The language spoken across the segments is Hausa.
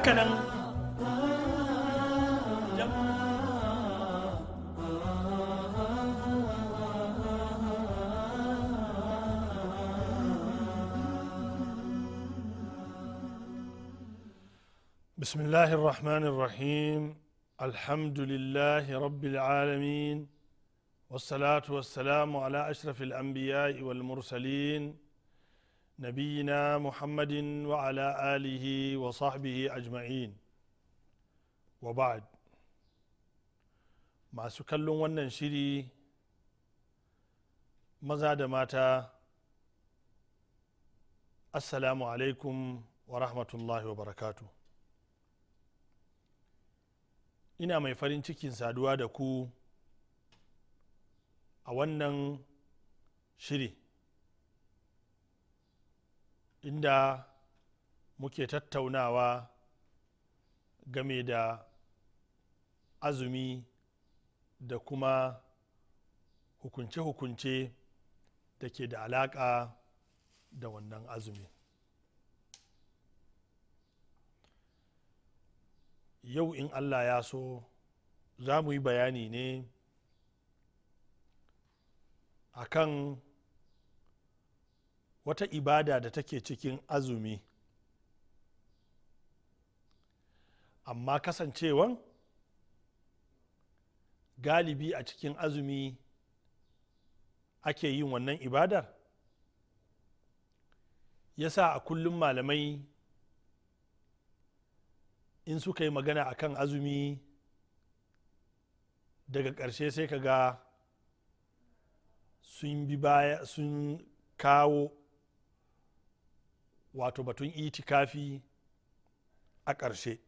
haka nan بسم الله الرحمن الرحيم الحمد لله رب العالمين والصلاة والسلام على أشرف الأنبياء والمرسلين Muhammadin نبينا محمد وعلى آله وصحبه wa ba'ad masu kallon wannan shiri maza da mata assalamu alaikum wa rahmatullahi wa barakatu ina mai farin cikin saduwa da ku a wannan shiri inda muke tattaunawa game da azumi da kuma hukunce-hukunce da ke da alaƙa da wannan azumi yau in allah ya so za mu yi bayani ne akan wata ibada da take cikin azumi amma kasancewan galibi a cikin azumi ake yin wannan ibadar sa a kullum malamai in suka yi magana a kan azumi daga ƙarshe sai ka ga sun sun kawo wato batun itikafi a ƙarshe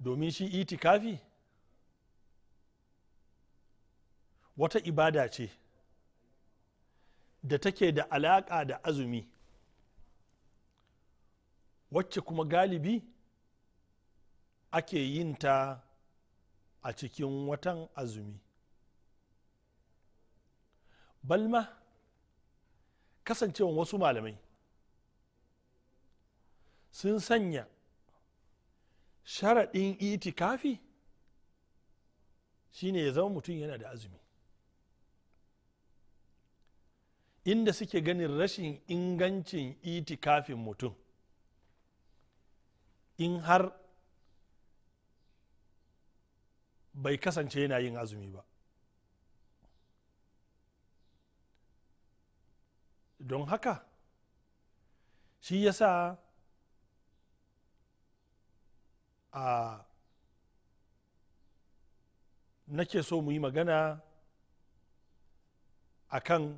domin shi itikafi wata ibada ce da take da alaƙa da azumi wacce kuma galibi ake yin ta a cikin watan azumi balma kasancewan wasu malamai sun sanya sharaɗin itikafi shine ya zama mutum yana da azumi inda suke ganin rashin ingancin itikafin mutum in har bai kasance yana yin azumi ba don haka shi ya sa a nake so mu yi magana a kan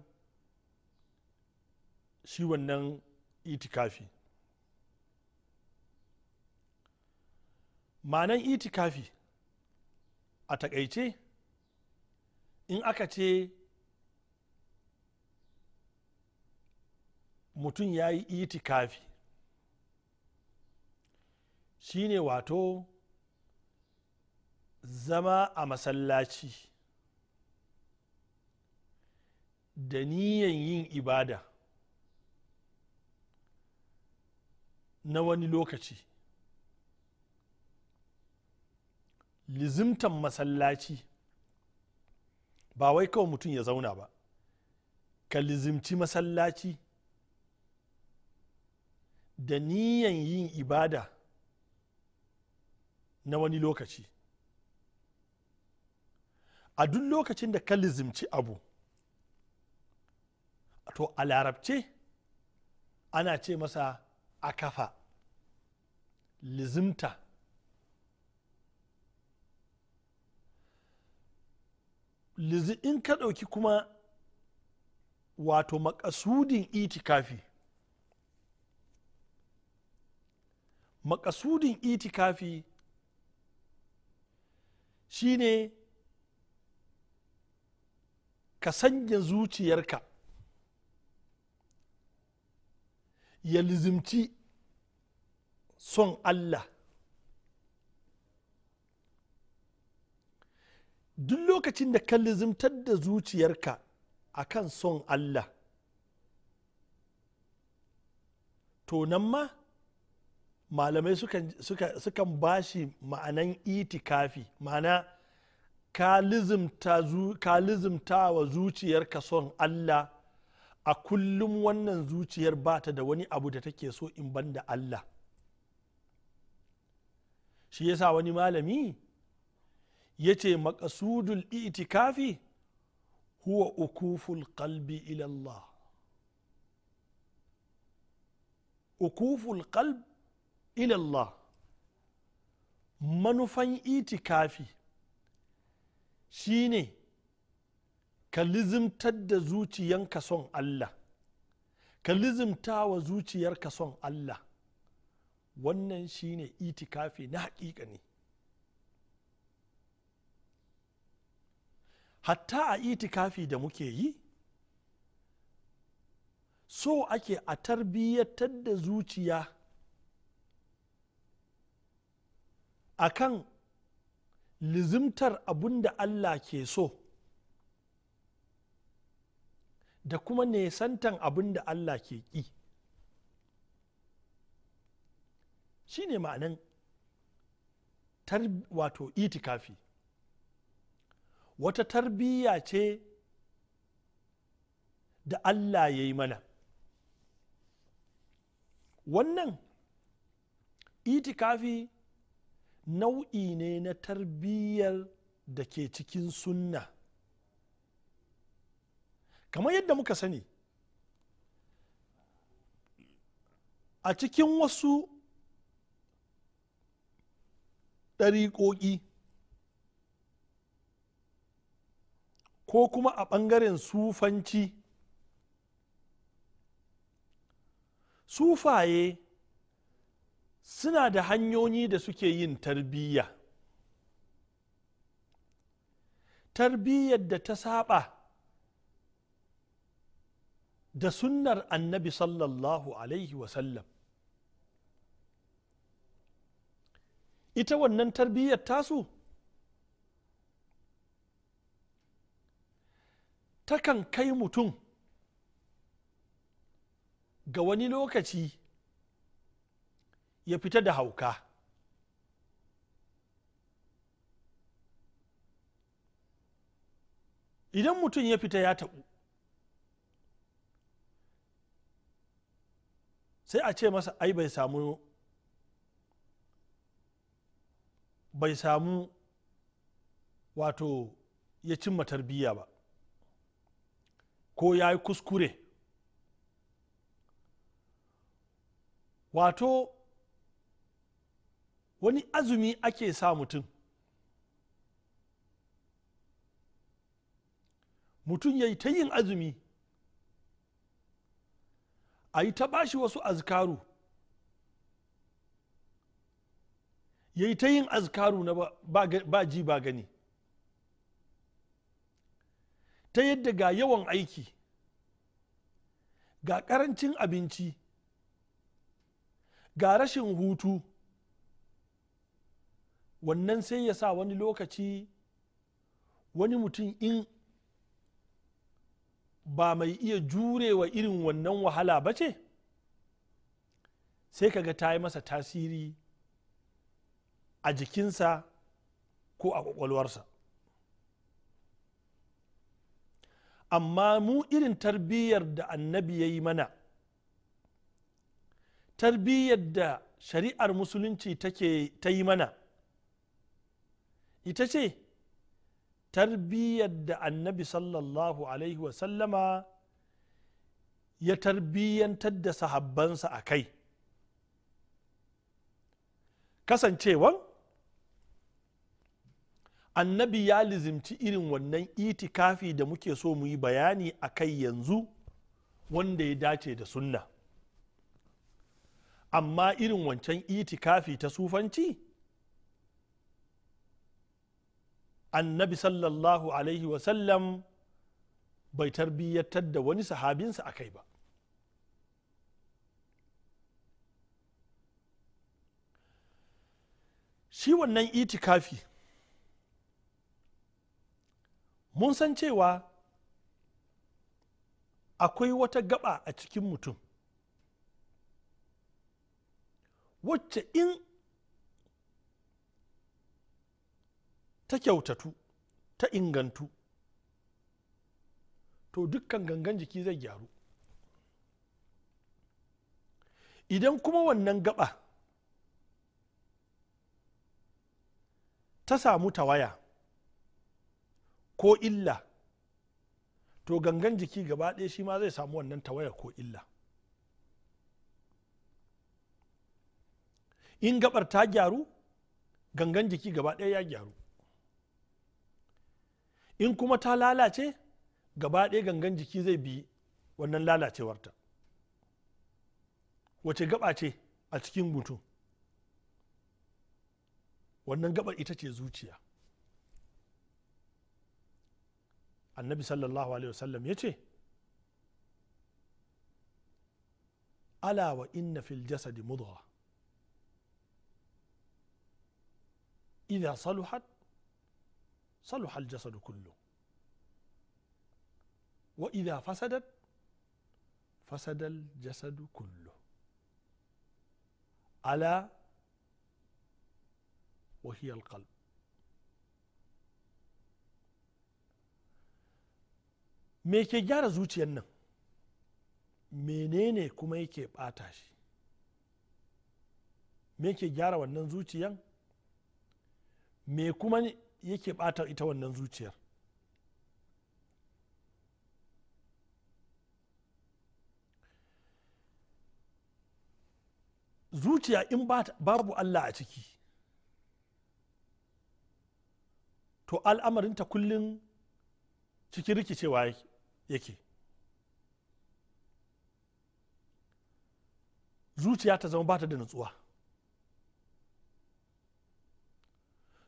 shi wannan itikafi ma'anan itikafi a takaice in aka ce mutum ya yi itikafi shine wato zama a masallaci da niyan yin ibada na wani lokaci lizimtan masallaci ba wai kawai mutum ya zauna ba ka lizimci masallaci da niyan yin ibada na wani lokaci a duk lokacin da ka lizimci abu to a larabce ana ce masa a kafa lizimta in ka ɗauki kuma wato makasudin itikafi makasudin itikafi shine ka sanya zuciyarka ya lizimci son allah duk lokacin da ka lizimtar da zuciyarka akan son allah to nan ma malamai sukan ba shi ma'anan itikafi ma'ana ka lizimta wa zuciyarka son allah a kullum wannan zuciyar ba ta da wani abu da take so in ban da allah shi yasa wani malami ya ce makasudul itikafi huwa ukuful qalbi ila allah ukuful qalbi ilallah manufan itikafi shine ka lizimtar da zuciyanka son Allah ka lizimta wa zuciyarka son Allah wannan shine itikafi na haƙiƙa ne hatta a itikafi da muke yi so ake a tarbiyyatar da zuciya a kan lizimtar abun da allah ke so da kuma nesantan abun da allah ke ƙi shi ne ma'anan wato itikafi wata tarbiyya ce da allah ya yi mana wannan itikafi nau'i ne na tarbiyyar da ke cikin sunna kamar yadda muka sani a cikin wasu ɗariƙoƙi ko kuma a ɓangaren sufanci sufaye suna da hanyoyi da suke yin tarbiyya tarbiyyar da ta saba da sunnar annabi sallallahu alaihi wasallam ita wannan tarbiyyar tasu takan kai mutum ga wani lokaci ya fita da hauka idan mutum ya fita ya taɓu sai a ce masa ai bai samu bai samu wato ya cimma tarbiyya ba ko ya yi kuskure wato wani azumi ake sa mutum mutum ya yi ta yin azumi a yi ta bashi wasu azkaru ya yi ta yin azkaru na ba ji ba gani ta yadda ga yawan aiki ga karancin abinci ga rashin hutu wannan sai ya sa wani lokaci wani mutum in ba mai iya jurewa irin wannan wahala ba ce sai kaga ta yi masa tasiri a jikinsa ko a kwakwalwarsa amma mu irin tarbiyyar da annabi ya yi mana tarbiyyar da shari'ar musulunci ta yi mana ita ce tarbiyyar da annabi sallallahu alaihi wasallama ya tarbiyyantar da sahabbansa a kai kasancewan annabi ya lizimci irin wannan itikafi da muke so mu yi bayani a kai yanzu wanda ya dace da sunna amma irin wancan itikafi ta sufanci annabi sallallahu alaihi wasallam bai tarbiyyatar da wani sahabinsa a kai ba shi wannan itikafi mun san cewa akwai wata gaba a cikin mutum wacce in ta kyautatu ta ingantu to dukkan gangan jiki zai gyaru idan kuma wannan gaba ta samu tawaya ko illa to gangan jiki gaba ɗaya shi ma zai samu wannan tawaya ko illa in gabar ta gyaru gangan jiki gaba ɗaya ya gyaru in kuma ta lalace gaba ɗaya gangan jiki zai bi wannan lalacewarta wace gaba ce a cikin mutum wannan gabar ita ce zuciya annabi sallallahu alaihi wasallam ya ce ala wa inna fil jasadi mudgha idha saluhat صلح الجسد كله وإذا فسدت فسد الجسد كله ألا وهي القلب me ke gyara zuciyar nan menene kuma yake ɓata shi me ke gyara wannan zuciyan me kuma yake bata ita wannan zuciyar zuciya in babu allah a ciki to al'amarinta kullum cikin rikicewa yake zuciya ta zama bata da nutsuwa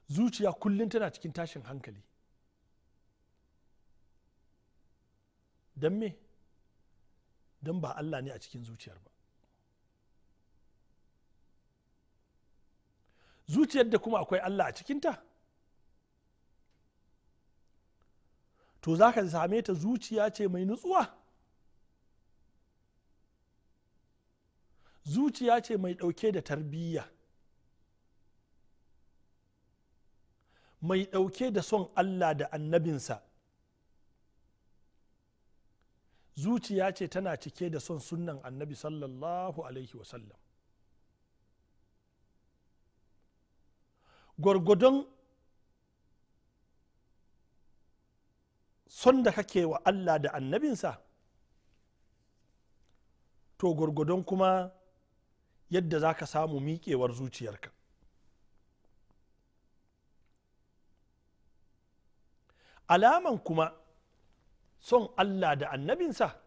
zuciya kullum tana cikin tashin hankali don me don ba allah ne a cikin zuciyar ba zuciyar da kuma akwai allah a cikinta to za ka same ta zuciya ce mai nutsuwa zuciya ce mai ɗauke da tarbiyya mai ɗauke da son allah da annabinsa zuciya ce tana cike da son sunnan annabi sallallahu alaihi wasallam gwargwadon son da kake wa allah da annabinsa to gwargwadon kuma yadda za ka samu miƙewar zuciyarka alaman kuma son allah da annabinsa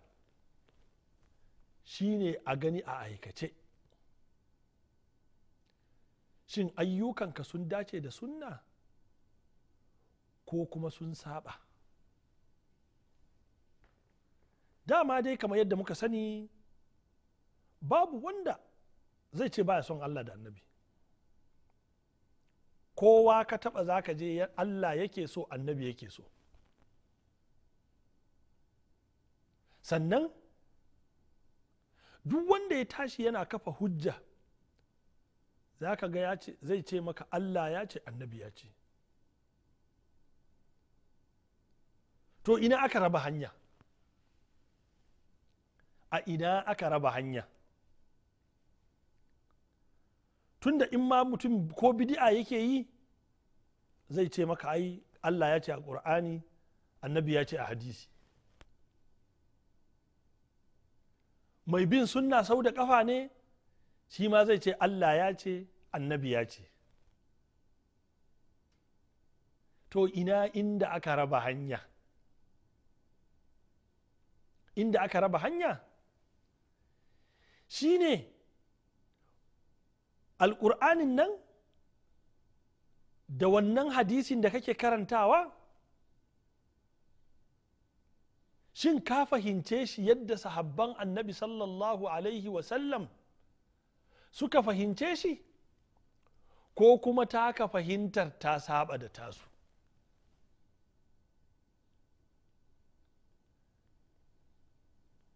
shine a gani a aikace shin ayyukanka sun dace da sunna ko kuma sun saba dama dai kamar yadda muka sani babu wanda zai ce baya son allah da annabi kowa ka taba za ka je allah yake so annabi yake so sannan duk wanda ya tashi yana kafa hujja za ka ga zai ce maka allah ya ce annabi ya ce to ina aka raba hanya a ina aka raba hanya tunda in ma mutum ko bidi'a yake yi zai ce maka ai allah ya ce a ƙur'ani annabi ya ce a hadisi mai bin sunna sau da ƙafa ne shi ma zai ce allah ya ce annabi ya ce to ina inda aka raba hanya inda aka raba hanya shine alƙur'anin nan da wannan hadisin da kake karantawa shin ka fahimce shi yadda sahabban annabi sallallahu alaihi wasallam suka fahimce shi ko kuma taka fahimtar ta saba da tasu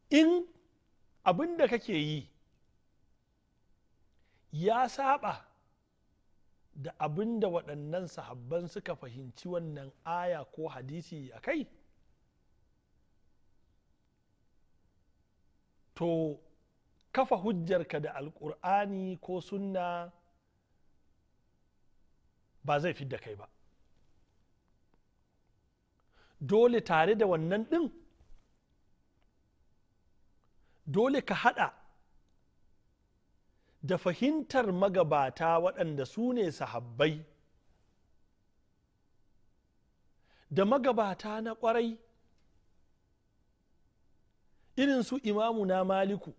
in abin da kake yi ya saba da abin da waɗannan sahabban suka fahimci wannan aya ko hadisi a kai to kafa hujjarka da alkur'ani ko sunna ba zai fi da kai ba dole tare da wannan ɗin dole ka haɗa da fahimtar magabata waɗanda su ne sahabbai da magabata na ƙwarai irin su imamu na maliku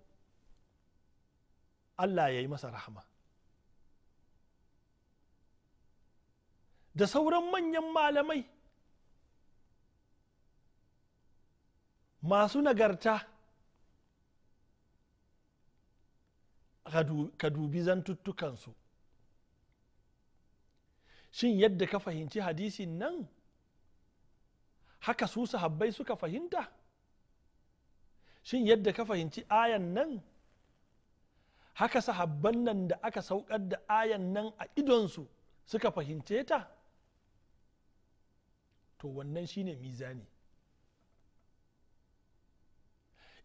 allah ya yi masa rahama da sauran manyan malamai masu nagarta ka dubi zantuttukansu shin yadda ka fahimci hadisin nan haka su sahabbai suka fahimta shin yadda ka fahimci ayan nan haka sahabban nan da aka saukar da ayan nan a idonsu suka fahimce ta to wannan shine mizani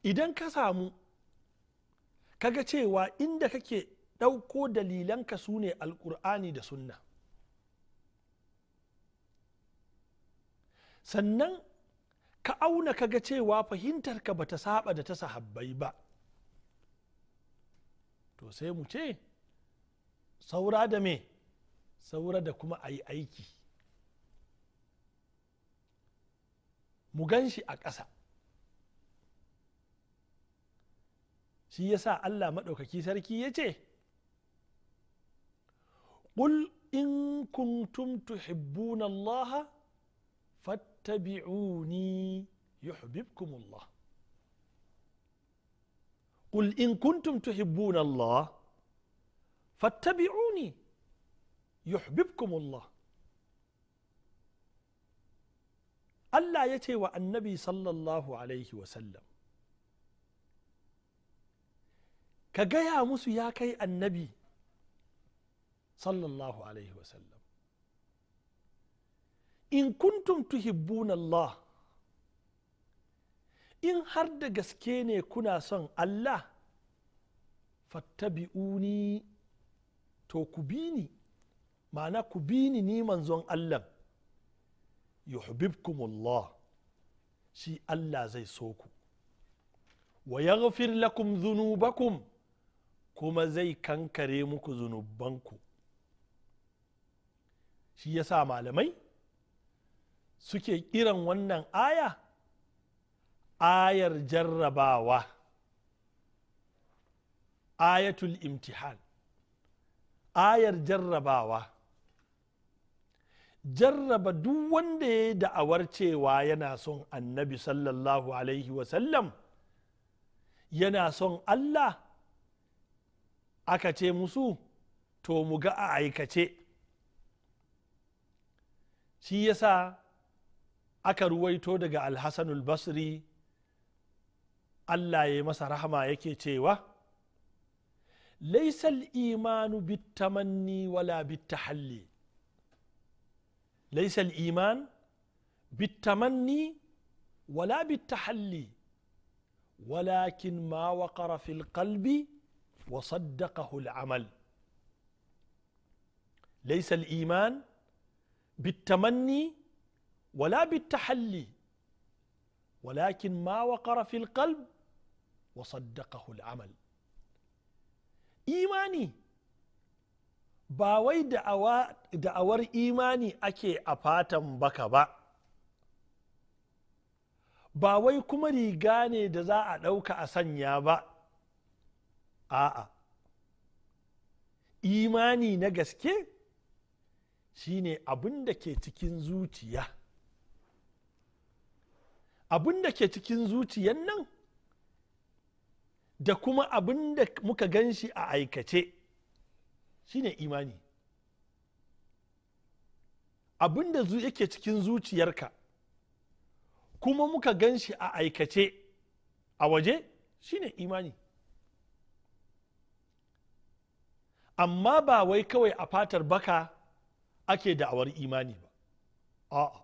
idan ka samu kaga cewa inda kake ɗauko dalilanka su ne Alƙur'ani da sunna sannan ka auna kaga cewa fahimtarka ba ta saba da ta sahabbai ba to sai mu ce saura da me saura da kuma a yi aiki mu gan shi a ƙasa shi yasa Allah maɗaukaki sarki ya ce قل إن كنتم تحبون الله فاتبعوني يحببكم الله قل إن كنتم تحبون الله فاتبعوني يحببكم الله ألا يتي النبي صلى الله عليه وسلم ka gaya musu ya kai annabi sallallahu alaihi wasallam in kuntum tuhibbuna Allah in har da gaske ne kuna son Allah fattabi'uni to ku bini, mana ma'ana ku bini ni manzon Allah Allah, shi Allah zai so ku wa yaghfir lakum dhunubakum kuma zai kankare muku zunubanku shi ya sa malamai suke kiran wannan aya ayar jarrabawa ayatul imtihan ayar jarrabawa jarraba duk wanda ya da'awar cewa yana son annabi sallallahu alaihi wasallam yana son allah aka ce musu to mu ga a aikace shi yasa aka ruwaito daga alhassanul basri allah ya masa rahama yake cewa laisal imanu bitamanni wala bitahalli laisal iman bitamanni wala bitahalli walakin ma waƙara fil qalbi وصدقه العمل ليس الايمان بالتمني ولا بالتحلي ولكن ما وقر في القلب وصدقه العمل ايماني باوي دعوى دعور ايماني اكي افاتم بكا باوي كمري غاني دزا ادوكا اسانيا با. a'a imani na gaske shine abin da ke cikin zuciya abin da ke cikin zuciyan nan da kuma abin da muka gan shi a aikace shine imani abin da yake cikin zuciyarka kuma muka gan shi a aikace a waje shine imani amma ba wai kawai a fatar baka ake da'awar imani ba a'a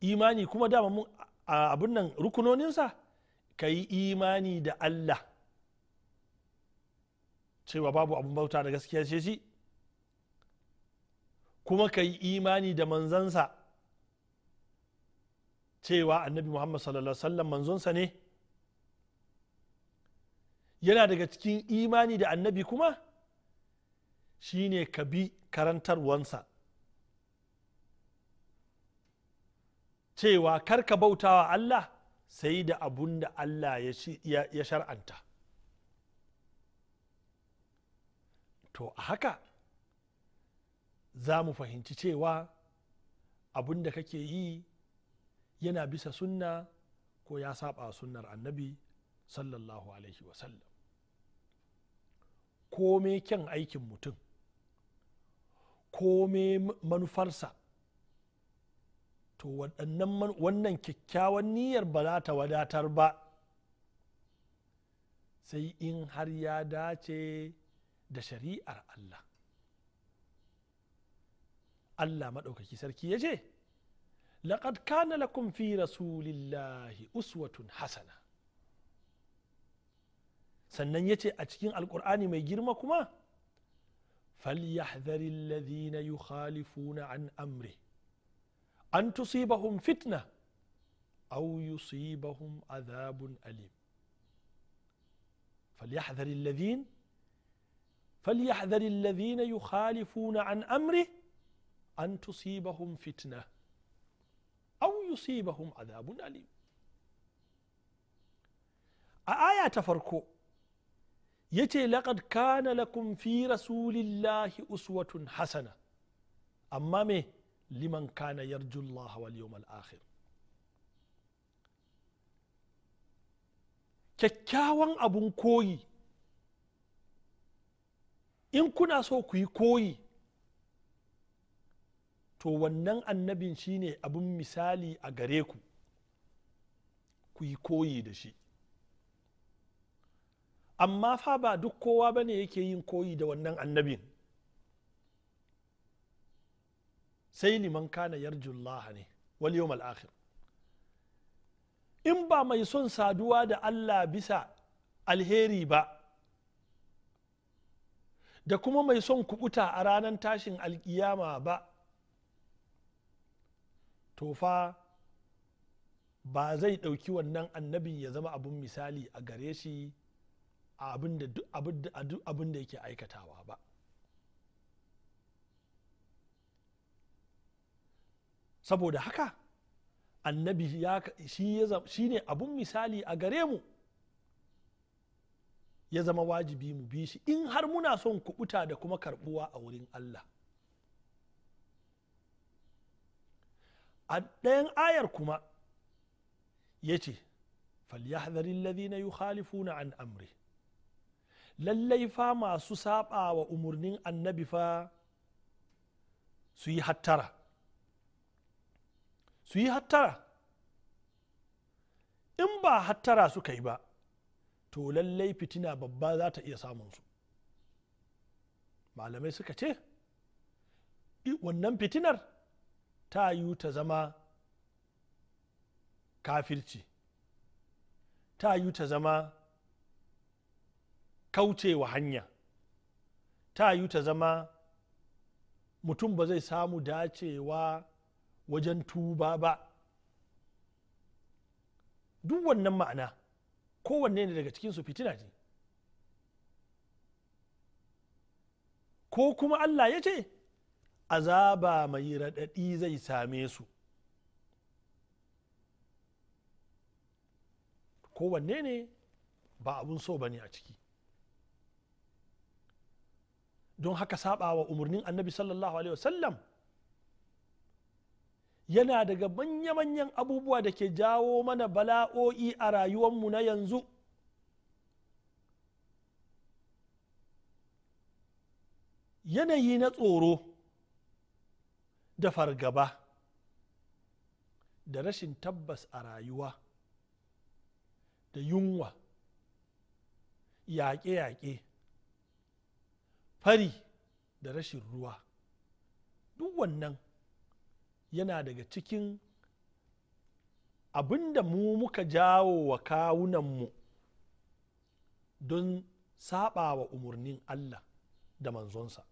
imani kuma dama mun abin nan rukunoninsa ka yi imani da allah cewa babu abin bauta da gaskiya ce shi kuma ka yi imani da manzansa cewa annabi muhammad sallallahu alaihi wasallam manzonsa ne yana daga cikin imani da annabi kuma shine ka bi karantarwansa cewa kar ka bautawa Allah sai da abun da Allah ya shar'anta to a haka za mu fahimci cewa abun da kake yi yana bisa sunna ko ya saba sunnar annabi sallallahu alaihi wasallam kome kyan aikin mutum kome manufarsa to wannan kyakkyawan niyyar ba za ta wadatar ba sai in har ya dace da shari'ar Allah Allah maɗaukaki sarki ya ce laƙad kana lakum fi rasulillahi uswatun hasana sannan ya ce a cikin alkur'ani mai girma kuma falyahdhari alladhina yukhalifuna an amri an tusibahum fitna aw yusibahum adhabun alim فليحذر alladhina yukhalifuna an amri an tusibahum fitna aw yusibahum adhabun يصيبهم a aya ta farko yace laqad kana lakum fi rasulillahi uswatun hasana amma me liman kana yarju Allah wal yawmal akhir kyakkyawan abun koyi in kuna so ku yi koyi to wannan annabin shine abun misali a gare ku ku yi koyi da shi amma fa ba duk kowa ba ne yake yin koyi da wannan annabin sai liman kana yarjullaha ne wal al akhir in ba mai son saduwa da allah bisa alheri ba da kuma mai son kukuta a ranar tashin alkiyama ba to fa ba zai ɗauki wannan annabin ya zama abun misali a gare shi a abin da yake aikatawa ba saboda haka annabi shi ne abun misali a gare mu ya zama wajibi mu bi shi in har muna son kubuta da kuma karbuwa a wurin Allah a ɗayan ayar kuma ya ce yi na na an amri. lallai fa masu saba wa umarnin annabi fa su yi hattara su yi hattara in ba hattara suka yi ba to lallai fitina babba za ta iya samun su. malamai suka ce wannan fitinar ta yi ta zama kafirci ta yi ta zama kaucewa hanya ta yi ta zama mutum ba zai samu dacewa wajen tuba ba duk wannan ma'ana kowanne ne daga cikinsu fitina ce ko kuma allah ya ce azaba mai raɗaɗi zai same su kowanne ne ba abun so ba ne a ciki don haka saba wa umarnin annabi sallallahu alaihi wasallam yana daga manya-manyan abubuwa da ke jawo mana bala'o'i a rayuwanmu na yanzu yanayi na tsoro da fargaba da rashin tabbas a rayuwa da yunwa yaƙe-yaƙe fari da rashin ruwa duk wannan yana daga cikin abinda mu muka jawo wa kawunanmu don saba wa umarnin allah da manzonsa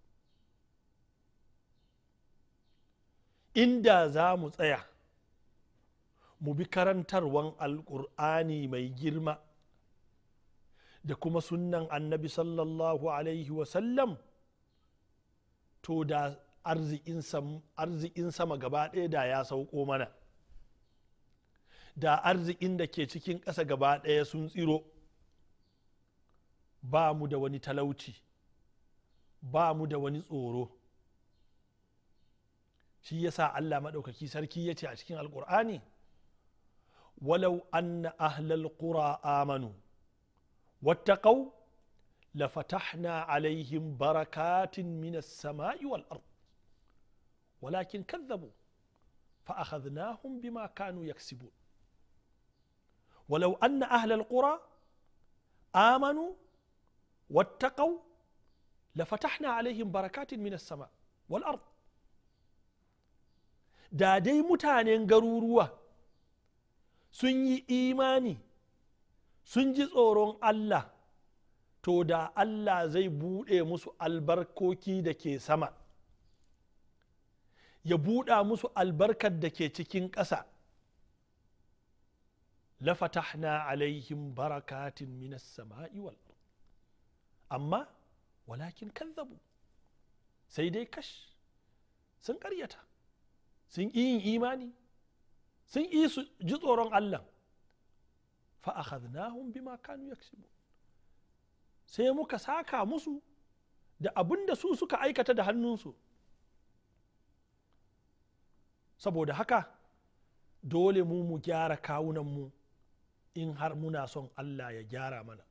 inda za mu tsaya mu bi karantarwan Alƙur'ani mai girma da kuma sunan annabi sallallahu alaihi wasallam to da arzikin sama gaba ɗaya da ya sauko mana da arzikin da ke cikin ƙasa gaba ɗaya sun tsiro ba mu da wani talauci ba mu da wani tsoro shi ya sa allah maɗaukaki sarki ya ce a cikin alƙur'ani walau anna ahlal qura amanu واتقوا لفتحنا عليهم بركات من السماء والأرض ولكن كذبوا فأخذناهم بما كانوا يكسبون ولو أن أهل القرى آمنوا واتقوا لفتحنا عليهم بركات من السماء والأرض دادي متانين mutanen سني إيماني sun ji tsoron allah to da allah zai buɗe musu albarkoki da ke sama ya buɗa musu albarkar da ke cikin ƙasa lafatahna alaihim barakatin minas sama'i wal amma walakin kazzabu sai dai kash sun ƙaryata sun yin imani sun yi su ji tsoron allah fa akhadnahum bima kanu sai muka saka musu da abin da su suka aikata da hannunsu saboda haka dole mu mu gyara kawunanmu in har muna son allah ya gyara mana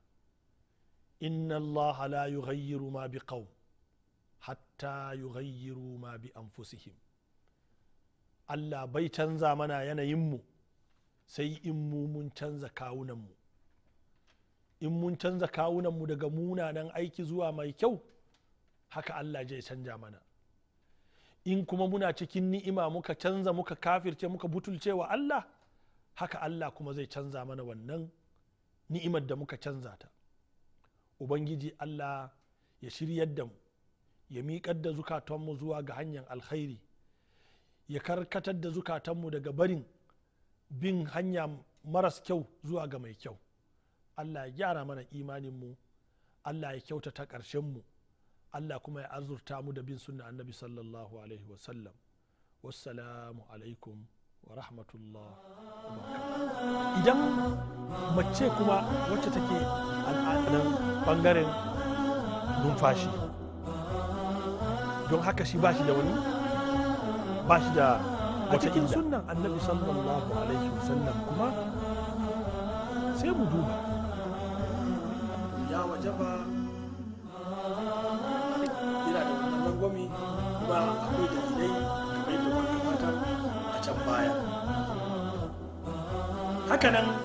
inna allah la yughayyiru ma bi qaum hatta yughayyiru ma bi anfusihim allah bai canza mana yanayinmu sai in mu mun canza kawunanmu in mun canza kawunanmu daga munanan aiki zuwa mai kyau haka allah zai canja mana in kuma muna cikin ni'ima muka canza muka kafirce muka butulce wa allah haka allah kuma zai canza mana wannan ni'imar da muka canza ta ubangiji allah ya shiryar da mu ya miƙar da zukatanmu zuwa ga hanyar alkhairi ya karkatar da zukatanmu daga barin bin hanya maras kyau zuwa ga mai kyau allah ya gyara mana imaninmu allah ya kyautata ƙarshenmu allah kuma ya azurta mu da bin sunna annabi sallallahu alaihi wasallam wassalamu alaikum wa rahmatullah idan mace kuma wacce take al'adunan bangaren numfashi don haka shi ba shi da wani ba shi da a cikin sunan annabi sallallahu alaihi wasallam kuma sai mu duba ya waje ba yana da wannan gwami ba akwai dalilai kamar da wanda mata a can baya hakanan